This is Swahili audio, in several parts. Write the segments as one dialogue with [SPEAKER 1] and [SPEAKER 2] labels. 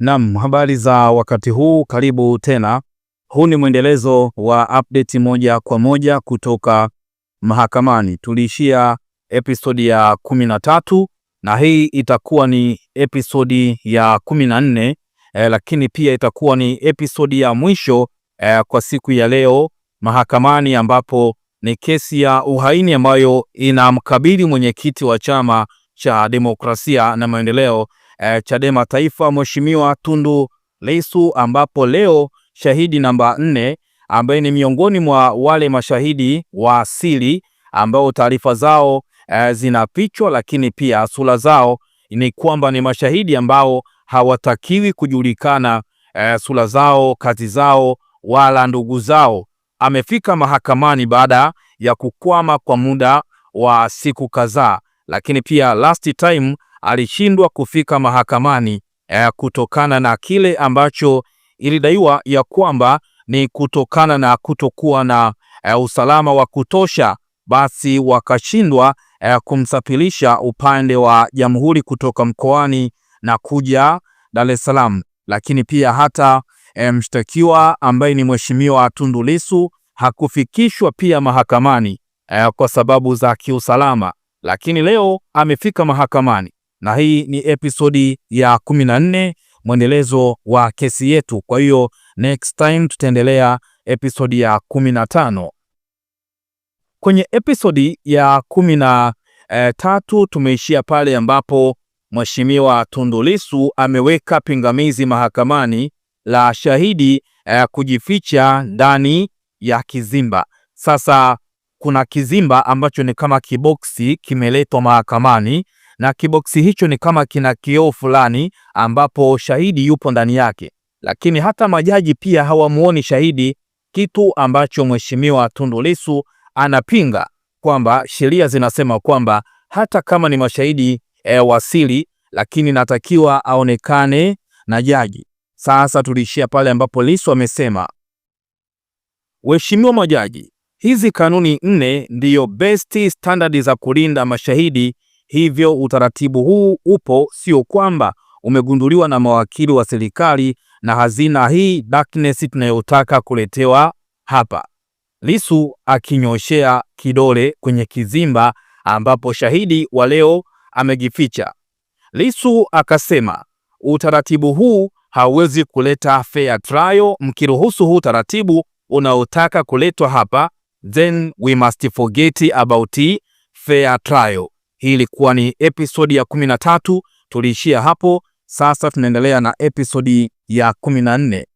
[SPEAKER 1] Naam, habari za wakati huu, karibu tena. Huu ni mwendelezo wa update moja kwa moja kutoka mahakamani. Tuliishia episodi ya kumi na tatu na hii itakuwa ni episodi ya kumi na nne eh, lakini pia itakuwa ni episodi ya mwisho eh, kwa siku ya leo mahakamani, ambapo ni kesi ya uhaini ambayo inamkabili mwenyekiti wa Chama cha Demokrasia na Maendeleo eh, Chadema Taifa Mheshimiwa Tundu Lissu, ambapo leo shahidi namba nne ambaye ni miongoni mwa wale mashahidi wa asili ambao taarifa zao eh, zinafichwa, lakini pia sura zao ni kwamba ni mashahidi ambao hawatakiwi kujulikana eh, sura zao, kazi zao wala ndugu zao. Amefika mahakamani baada ya kukwama kwa muda wa siku kadhaa, lakini pia last time alishindwa kufika mahakamani eh, kutokana na kile ambacho ilidaiwa ya kwamba ni kutokana na kutokuwa na eh, usalama wa kutosha, basi wakashindwa eh, kumsafirisha upande wa Jamhuri kutoka mkoani na kuja Dar es Salaam, lakini pia hata eh, mshtakiwa ambaye ni Mheshimiwa Tundu Lissu hakufikishwa pia mahakamani eh, kwa sababu za kiusalama, lakini leo amefika mahakamani na hii ni episodi ya 14 mwendelezo wa kesi yetu. Kwa hiyo next time tutaendelea episodi ya 15 Kwenye episodi ya 13 tumeishia pale ambapo Mheshimiwa Tundu Lissu ameweka pingamizi mahakamani la shahidi eh, kujificha ndani ya kizimba. Sasa kuna kizimba ambacho ni kama kiboksi kimeletwa mahakamani na kiboksi hicho ni kama kina kioo fulani ambapo shahidi yupo ndani yake, lakini hata majaji pia hawamuoni shahidi, kitu ambacho mheshimiwa Tundu Lissu anapinga kwamba sheria zinasema kwamba hata kama ni mashahidi e, wasili lakini natakiwa aonekane na jaji. Sasa tuliishia pale ambapo Lissu amesema, waheshimiwa majaji, hizi kanuni nne ndiyo best standard za kulinda mashahidi Hivyo utaratibu huu upo, sio kwamba umegunduliwa na mawakili wa serikali na hazina hii darkness tunayotaka kuletewa hapa. lisu akinyoshea kidole kwenye kizimba ambapo shahidi wa leo amejificha. lisu akasema utaratibu huu hauwezi kuleta fair trial. Mkiruhusu huu taratibu unaotaka kuletwa hapa, then we must forget about fair trial. Hii ilikuwa ni episodi ya 13 tuliishia hapo. Sasa tunaendelea na episodi ya 14 na nne.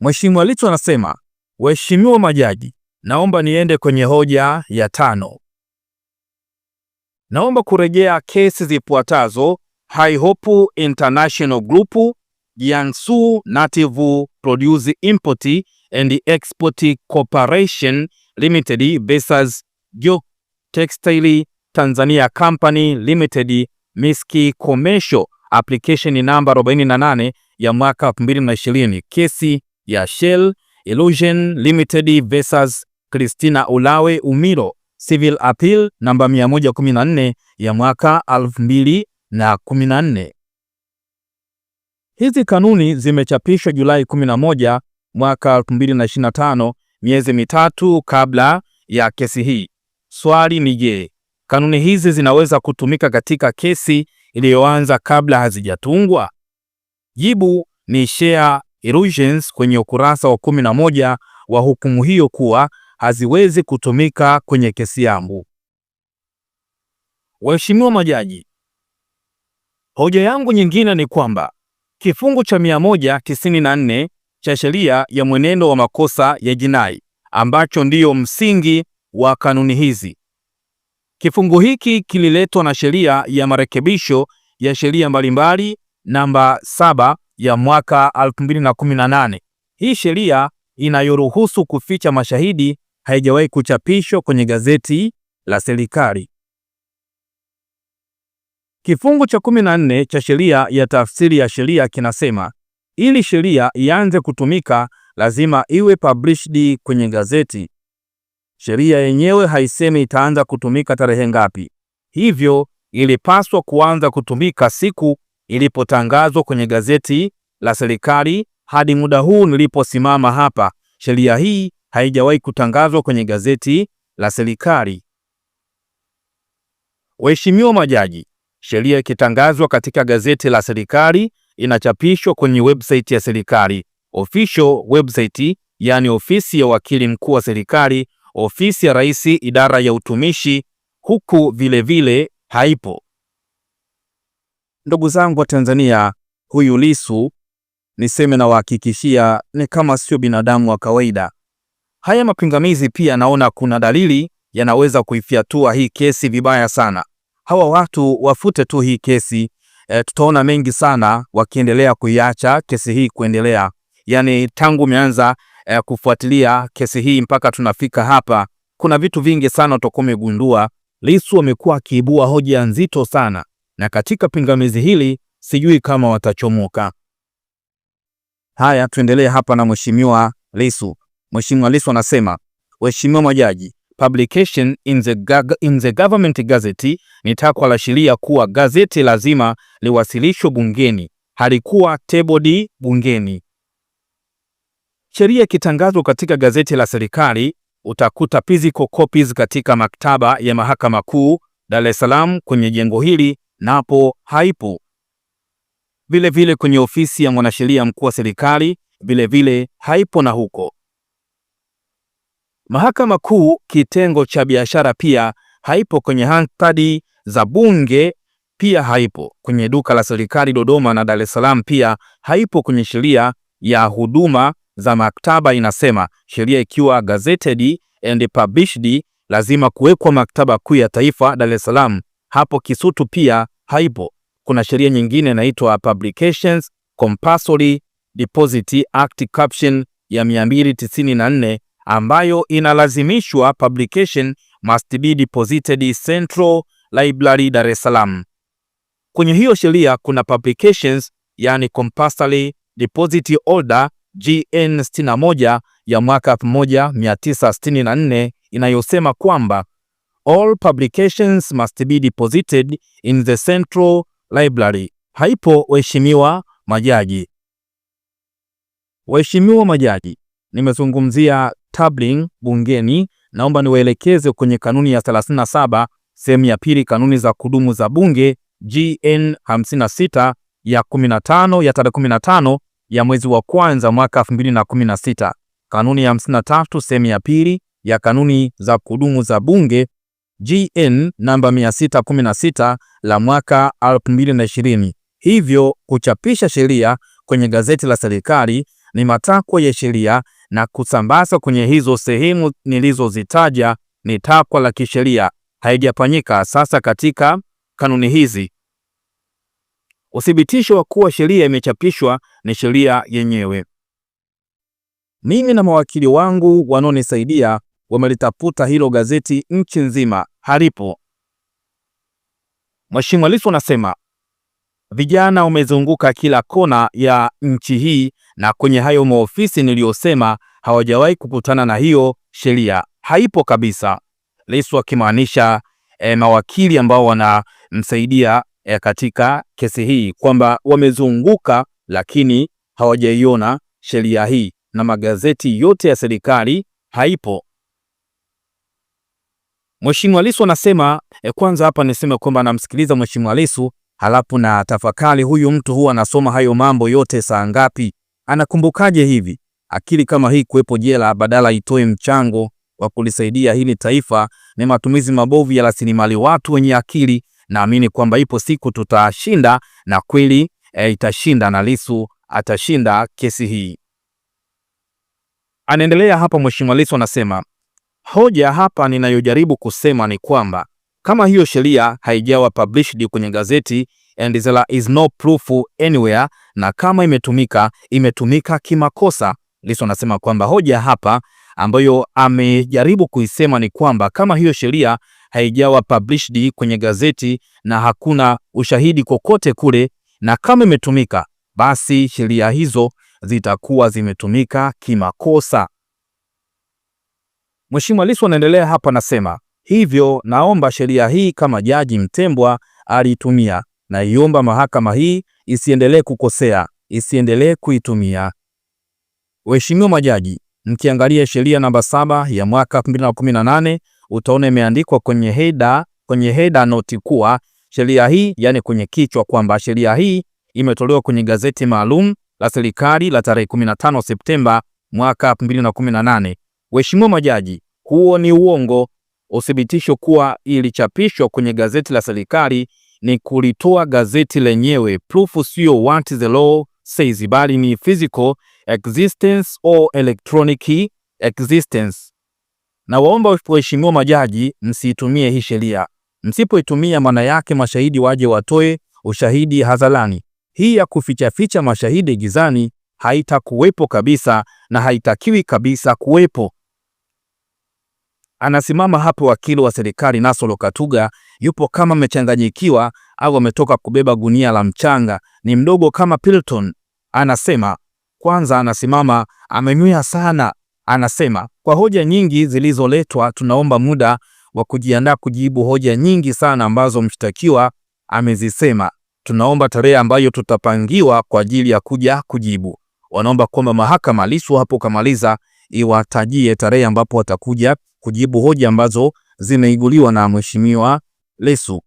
[SPEAKER 1] Mheshimiwa anasema, waheshimiwa majaji, naomba niende kwenye hoja ya tano. Naomba kurejea kesi zifuatazo: High Hope International Group, Jiangsu Native Produce Import and Export Corporation Limited versus jo Textile Tanzania Company Limited Miski Commercial Application namba 48 ya mwaka 2020, kesi ya Shell Illusion Limited versus Christina Ulawe umiro Civil Appeal namba 114 ya mwaka 2014. Hizi kanuni zimechapishwa Julai 11 mwaka 2025, miezi mitatu kabla ya kesi hii. Swali ni je, Kanuni hizi zinaweza kutumika katika kesi iliyoanza kabla hazijatungwa? Jibu ni Share Illusions kwenye ukurasa wa 11 wa hukumu hiyo kuwa haziwezi kutumika kwenye kesi yangu. Waheshimiwa majaji, hoja yangu nyingine ni kwamba kifungu cha 194 cha sheria ya mwenendo wa makosa ya jinai ambacho ndiyo msingi wa kanuni hizi Kifungu hiki kililetwa na sheria ya marekebisho ya sheria mbalimbali namba saba ya mwaka 2018. Hii sheria inayoruhusu kuficha mashahidi haijawahi kuchapishwa kwenye gazeti la serikali. Kifungu cha 14 cha sheria ya tafsiri ya sheria kinasema ili sheria ianze kutumika lazima iwe published kwenye gazeti Sheria yenyewe haisemi itaanza kutumika tarehe ngapi, hivyo ilipaswa kuanza kutumika siku ilipotangazwa kwenye gazeti la serikali. Hadi muda huu niliposimama hapa, sheria hii haijawahi kutangazwa kwenye gazeti la serikali. Waheshimiwa majaji, sheria ikitangazwa katika gazeti la serikali inachapishwa kwenye website ya serikali, official website, yani ofisi ya wakili mkuu wa serikali ofisi ya rais idara ya utumishi huku vilevile vile haipo. Ndugu zangu wa Tanzania, huyu Lissu niseme na wahakikishia ni kama sio binadamu wa kawaida. Haya mapingamizi pia naona kuna dalili yanaweza kuifyatua hii kesi vibaya sana. Hawa watu wafute tu hii kesi e, tutaona mengi sana wakiendelea kuiacha kesi hii kuendelea. Yani tangu imeanza eh, kufuatilia kesi hii mpaka tunafika hapa, kuna vitu vingi sana utakuwa umegundua. Lissu amekuwa akiibua hoja nzito sana, na katika pingamizi hili sijui kama watachomoka. Haya, tuendelee hapa na mheshimiwa Lissu. Mheshimiwa Lissu anasema, waheshimiwa majaji, publication in the, in the government gazette ni takwa la sheria kuwa gazeti lazima liwasilishwe bungeni, halikuwa table d bungeni. Sheria ikitangazwa katika gazeti la serikali utakuta physical copies katika maktaba ya Mahakama Kuu Dar es Salaam kwenye jengo hili napo haipo. Vile vile kwenye ofisi ya mwanasheria mkuu wa serikali vile vile haipo na huko. Mahakama Kuu kitengo cha biashara pia haipo kwenye handpad za bunge pia haipo kwenye duka la serikali Dodoma na Dar es Salaam pia haipo kwenye sheria ya huduma za maktaba inasema sheria ikiwa gazetted and published lazima kuwekwa maktaba kuu ya taifa Dar es Salaam. Hapo Kisutu pia haipo. Kuna sheria nyingine inaitwa Publications Compulsory Deposit Act caption ya 294 ambayo inalazimishwa publication must be deposited Central Library Dar es Salaam. Kwenye hiyo sheria kuna publications yani compulsory deposit order GN 61 ya mwaka 1964 inayosema kwamba all publications must be deposited in the central library. Haipo waheshimiwa majaji. Waheshimiwa majaji, nimezungumzia tabling bungeni, naomba niwaelekeze kwenye kanuni ya 37 sehemu ya pili, kanuni za kudumu za bunge GN 56 ya 15 ya tarehe 15 ya mwezi wa kwanza mwaka 2016, kanuni ya 53 sehemu ya pili ya kanuni za kudumu za bunge GN namba 616 la mwaka 2020. Hivyo kuchapisha sheria kwenye gazeti la serikali ni matakwa ya sheria na kusambaza kwenye hizo sehemu nilizozitaja ni takwa la kisheria, haijafanyika. Sasa katika kanuni hizi Uthibitisho wa kuwa sheria imechapishwa ni sheria yenyewe. Mimi na mawakili wangu wanaonisaidia wamelitafuta hilo gazeti nchi nzima, halipo. Mheshimiwa Lissu anasema vijana umezunguka kila kona ya nchi hii, na kwenye hayo maofisi niliyosema hawajawahi kukutana na hiyo sheria, haipo kabisa. Lissu akimaanisha e, mawakili ambao wanamsaidia e, katika kesi hii kwamba wamezunguka lakini hawajaiona sheria hii na magazeti yote ya serikali haipo. Mheshimiwa Lissu anasema e, kwanza hapa niseme kwamba namsikiliza Mheshimiwa Lissu halafu na tafakari huyu mtu huwa anasoma hayo mambo yote saa ngapi? Anakumbukaje hivi? Akili kama hii kuwepo jela badala itoe mchango wa kulisaidia hili taifa. Ni matumizi mabovu ya rasilimali watu wenye akili naamini kwamba ipo siku tutashinda na kweli e, itashinda na Lissu atashinda kesi hii. Anaendelea hapa Mheshimiwa Lissu anasema, hoja hapa ninayojaribu kusema ni kwamba kama hiyo sheria haijawa published kwenye gazeti and there is no proof anywhere, na kama imetumika imetumika kimakosa. Lissu anasema kwamba hoja hapa ambayo amejaribu kuisema ni kwamba kama hiyo sheria haijawa published kwenye gazeti na hakuna ushahidi kokote kule, na kama imetumika basi sheria hizo zitakuwa zimetumika kimakosa. Mheshimiwa Lissu anaendelea hapa, nasema hivyo, naomba sheria hii kama Jaji Mtembwa aliitumia, naiomba mahakama hii isiendelee kukosea, isiendelee kuitumia. Waheshimiwa majaji, mkiangalia sheria namba saba ya mwaka 2018 utaona imeandikwa kwenye heda, kwenye heda noti kuwa sheria hii, yani kwenye kichwa kwamba sheria hii imetolewa kwenye gazeti maalum la serikali la tarehe 15 Septemba mwaka 2018. Waheshimiwa majaji, huo ni uongo. Uthibitisho kuwa ilichapishwa kwenye gazeti la serikali ni kulitoa gazeti lenyewe. Proof sio what the law says, bali ni physical existence or electronic existence na waomba waheshimiwa majaji, msiitumie hii sheria. Msipoitumia, maana yake mashahidi waje watoe ushahidi hadharani. Hii ya kufichaficha mashahidi gizani haitakuwepo kabisa na haitakiwi kabisa kuwepo. Anasimama hapo wakili wa serikali Nasolo Katuga, yupo kama amechanganyikiwa au ametoka kubeba gunia la mchanga, ni mdogo kama Pilton. Anasema kwanza, anasimama amenywea sana anasema kwa hoja nyingi zilizoletwa, tunaomba muda wa kujiandaa kujibu hoja nyingi sana ambazo mshtakiwa amezisema. Tunaomba tarehe ambayo tutapangiwa kwa ajili ya kuja kujibu. Wanaomba kwamba mahakama Lissu hapo kamaliza iwatajie tarehe ambapo watakuja kujibu hoja ambazo zimeiguliwa na mheshimiwa Lissu.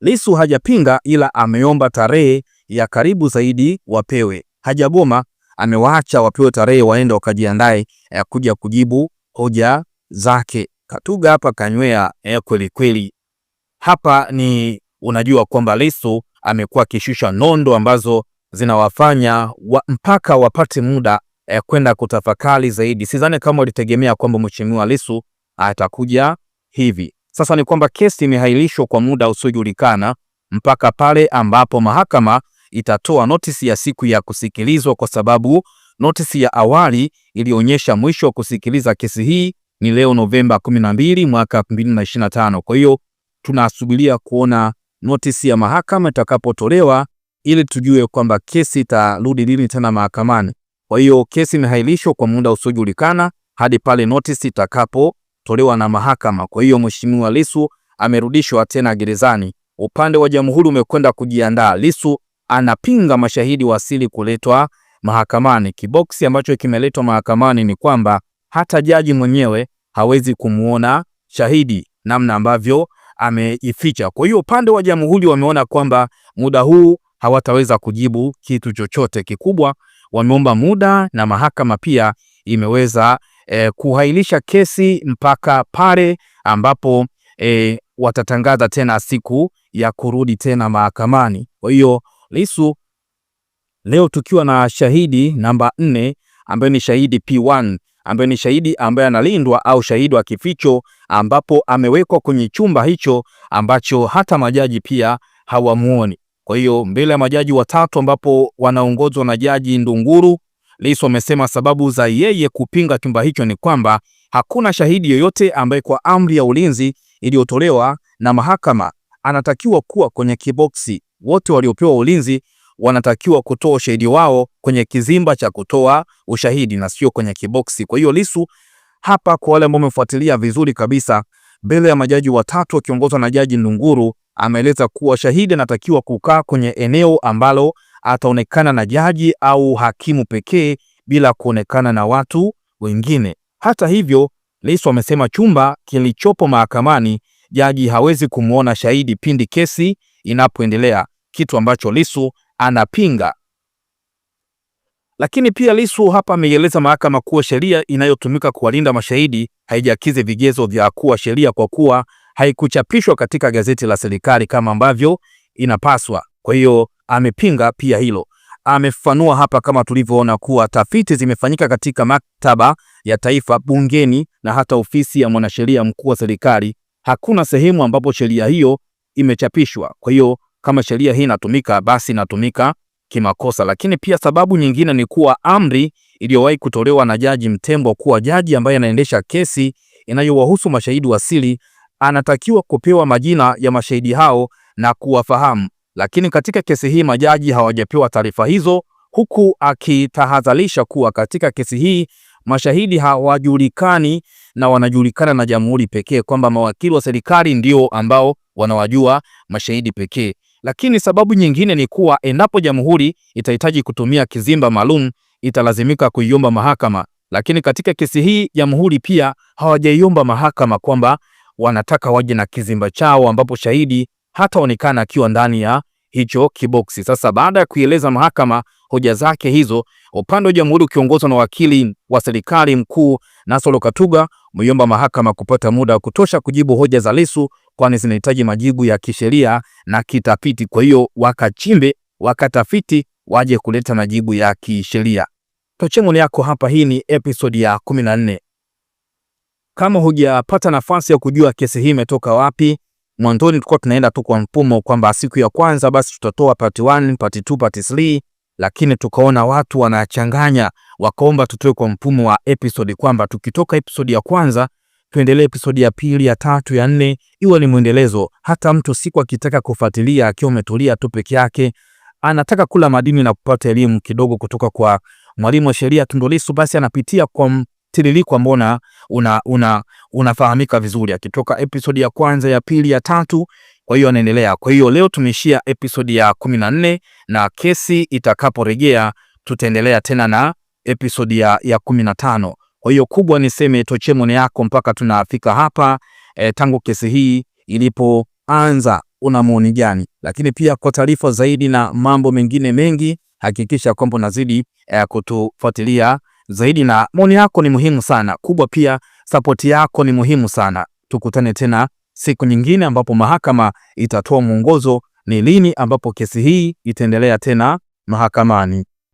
[SPEAKER 1] Lissu hajapinga ila ameomba tarehe ya karibu zaidi wapewe. Hajagoma amewaacha wapewe tarehe waende wakajiandae ya eh, kuja kujibu hoja zake. Katuga hapa kanywea eh, kweli kweli. Hapa ni unajua kwamba Lissu amekuwa akishusha nondo ambazo zinawafanya wa, mpaka wapate muda eh, kwenda kutafakari zaidi. Sidhani kama walitegemea kwamba mheshimiwa Lissu atakuja hivi. Sasa ni kwamba kesi imehairishwa kwa muda usiojulikana mpaka pale ambapo mahakama itatoa notisi ya siku ya kusikilizwa kwa sababu notisi ya awali ilionyesha mwisho wa kusikiliza kesi hii ni leo Novemba 12 mwaka 2025. Kwa hiyo tunasubiria kuona notisi ya mahakama itakapotolewa ili tujue kwamba kesi itarudi lini tena mahakamani. Kwa hiyo kesi imehailishwa kwa muda usiojulikana hadi pale notisi itakapotolewa na mahakama. Kwa hiyo Mheshimiwa Lissu amerudishwa tena gerezani. Upande wa jamhuri umekwenda kujiandaa. Lissu anapinga mashahidi wa asili kuletwa mahakamani. Kiboksi ambacho kimeletwa mahakamani ni kwamba hata jaji mwenyewe hawezi kumuona shahidi, namna ambavyo ameificha. Kwa hiyo upande wa jamhuri wameona kwamba muda huu hawataweza kujibu kitu chochote kikubwa, wameomba muda na mahakama pia imeweza eh, kuhailisha kesi mpaka pale ambapo eh, watatangaza tena siku ya kurudi tena mahakamani. Kwa hiyo Lissu leo tukiwa na shahidi namba nne ambaye ni shahidi P1 ambaye ni shahidi ambaye analindwa au shahidi wa kificho, ambapo amewekwa kwenye chumba hicho ambacho hata majaji pia hawamuoni. Kwa hiyo mbele ya majaji watatu ambapo wanaongozwa na jaji Ndunguru, Lissu amesema sababu za yeye kupinga chumba hicho ni kwamba hakuna shahidi yoyote ambaye kwa amri ya ulinzi iliyotolewa na mahakama anatakiwa kuwa kwenye kiboksi wote waliopewa ulinzi wanatakiwa kutoa ushahidi wao kwenye kizimba cha kutoa ushahidi na sio kwenye kiboksi. Kwa hiyo Lissu hapa, kwa wale ambao wamefuatilia vizuri kabisa, mbele ya majaji watatu akiongozwa na Jaji Ndunguru, ameeleza kuwa shahidi anatakiwa kukaa kwenye eneo ambalo ataonekana na jaji au hakimu pekee bila kuonekana na watu wengine. Hata hivyo, Lissu amesema chumba kilichopo mahakamani jaji hawezi kumwona shahidi pindi kesi inapoendelea kitu ambacho Lissu anapinga. Lakini pia Lissu hapa ameieleza mahakama kuwa sheria inayotumika kuwalinda mashahidi haijakidhi vigezo vya kuwa sheria kwa kuwa haikuchapishwa katika gazeti la serikali kama ambavyo inapaswa. Kwa hiyo amepinga pia hilo. Amefafanua hapa kama tulivyoona kuwa tafiti zimefanyika katika maktaba ya taifa, bungeni na hata ofisi ya mwanasheria mkuu wa serikali. Hakuna sehemu ambapo sheria hiyo imechapishwa. Kwa hiyo kama sheria hii inatumika, basi inatumika kimakosa. Lakini pia sababu nyingine ni kuwa amri iliyowahi kutolewa na Jaji Mtembo kuwa jaji ambaye anaendesha kesi inayowahusu mashahidi wa siri anatakiwa kupewa majina ya mashahidi hao na kuwafahamu, lakini katika kesi hii majaji hawajapewa taarifa hizo, huku akitahadharisha kuwa katika kesi hii mashahidi hawajulikani na wanajulikana na jamhuri pekee, kwamba mawakili wa serikali ndio ambao wanawajua mashahidi pekee. Lakini sababu nyingine ni kuwa endapo jamhuri itahitaji kutumia kizimba maalum italazimika kuiomba mahakama. Lakini katika kesi hii jamhuri pia hawajaiomba mahakama kwamba wanataka waje na kizimba chao ambapo shahidi hataonekana akiwa ndani ya hicho kiboksi. Sasa baada ya kuieleza mahakama hoja zake hizo, upande wa jamhuri ukiongozwa na wakili wa serikali mkuu Nasolo Katuga umeiomba mahakama kupata muda wa kutosha kujibu hoja za Lissu kwani zinahitaji majibu ya kisheria na kitafiti. Kwa hiyo wakachimbe, wakatafiti, waje kuleta majibu ya kisheria. Tochengoni yako hapa. Hii ni episode ya 14. Kama hujapata nafasi ya kujua kesi hii imetoka wapi, mwanzoni tulikuwa tunaenda tu kwa mfumo kwamba siku ya kwanza basi tutatoa part 1, part 2, part 3, lakini tukaona watu wanachanganya, wakaomba tutoe kwa mfumo wa episodi kwamba tukitoka episodi ya kwanza tuendelee episodi ya pili, ya tatu, ya nne, iwe ni mwendelezo. Hata mtu siku akitaka kufuatilia akiwa umetulia tu peke yake, anataka kula madini na kupata elimu kidogo kutoka kwa mwalimu wa sheria Tundu Lissu, basi anapitia kwa mtiririko ambao una, una unafahamika vizuri, akitoka episodi ya kwanza, ya pili, ya tatu kwa hiyo anaendelea. Kwa hiyo leo tumeishia episodi ya 14 na kesi itakaporejea tutaendelea tena na episodi ya, ya 15. Kwa hiyo kubwa niseme tochee maoni yako mpaka tunafika hapa e, tangu kesi hii ilipoanza una maoni gani? Lakini pia kwa taarifa zaidi na mambo mengine mengi hakikisha kwamba unazidi e, kutufuatilia zaidi, na maoni yako ni muhimu sana. Kubwa pia sapoti yako ni muhimu sana. Tukutane tena siku nyingine ambapo mahakama itatoa mwongozo ni lini ambapo kesi hii itaendelea tena mahakamani.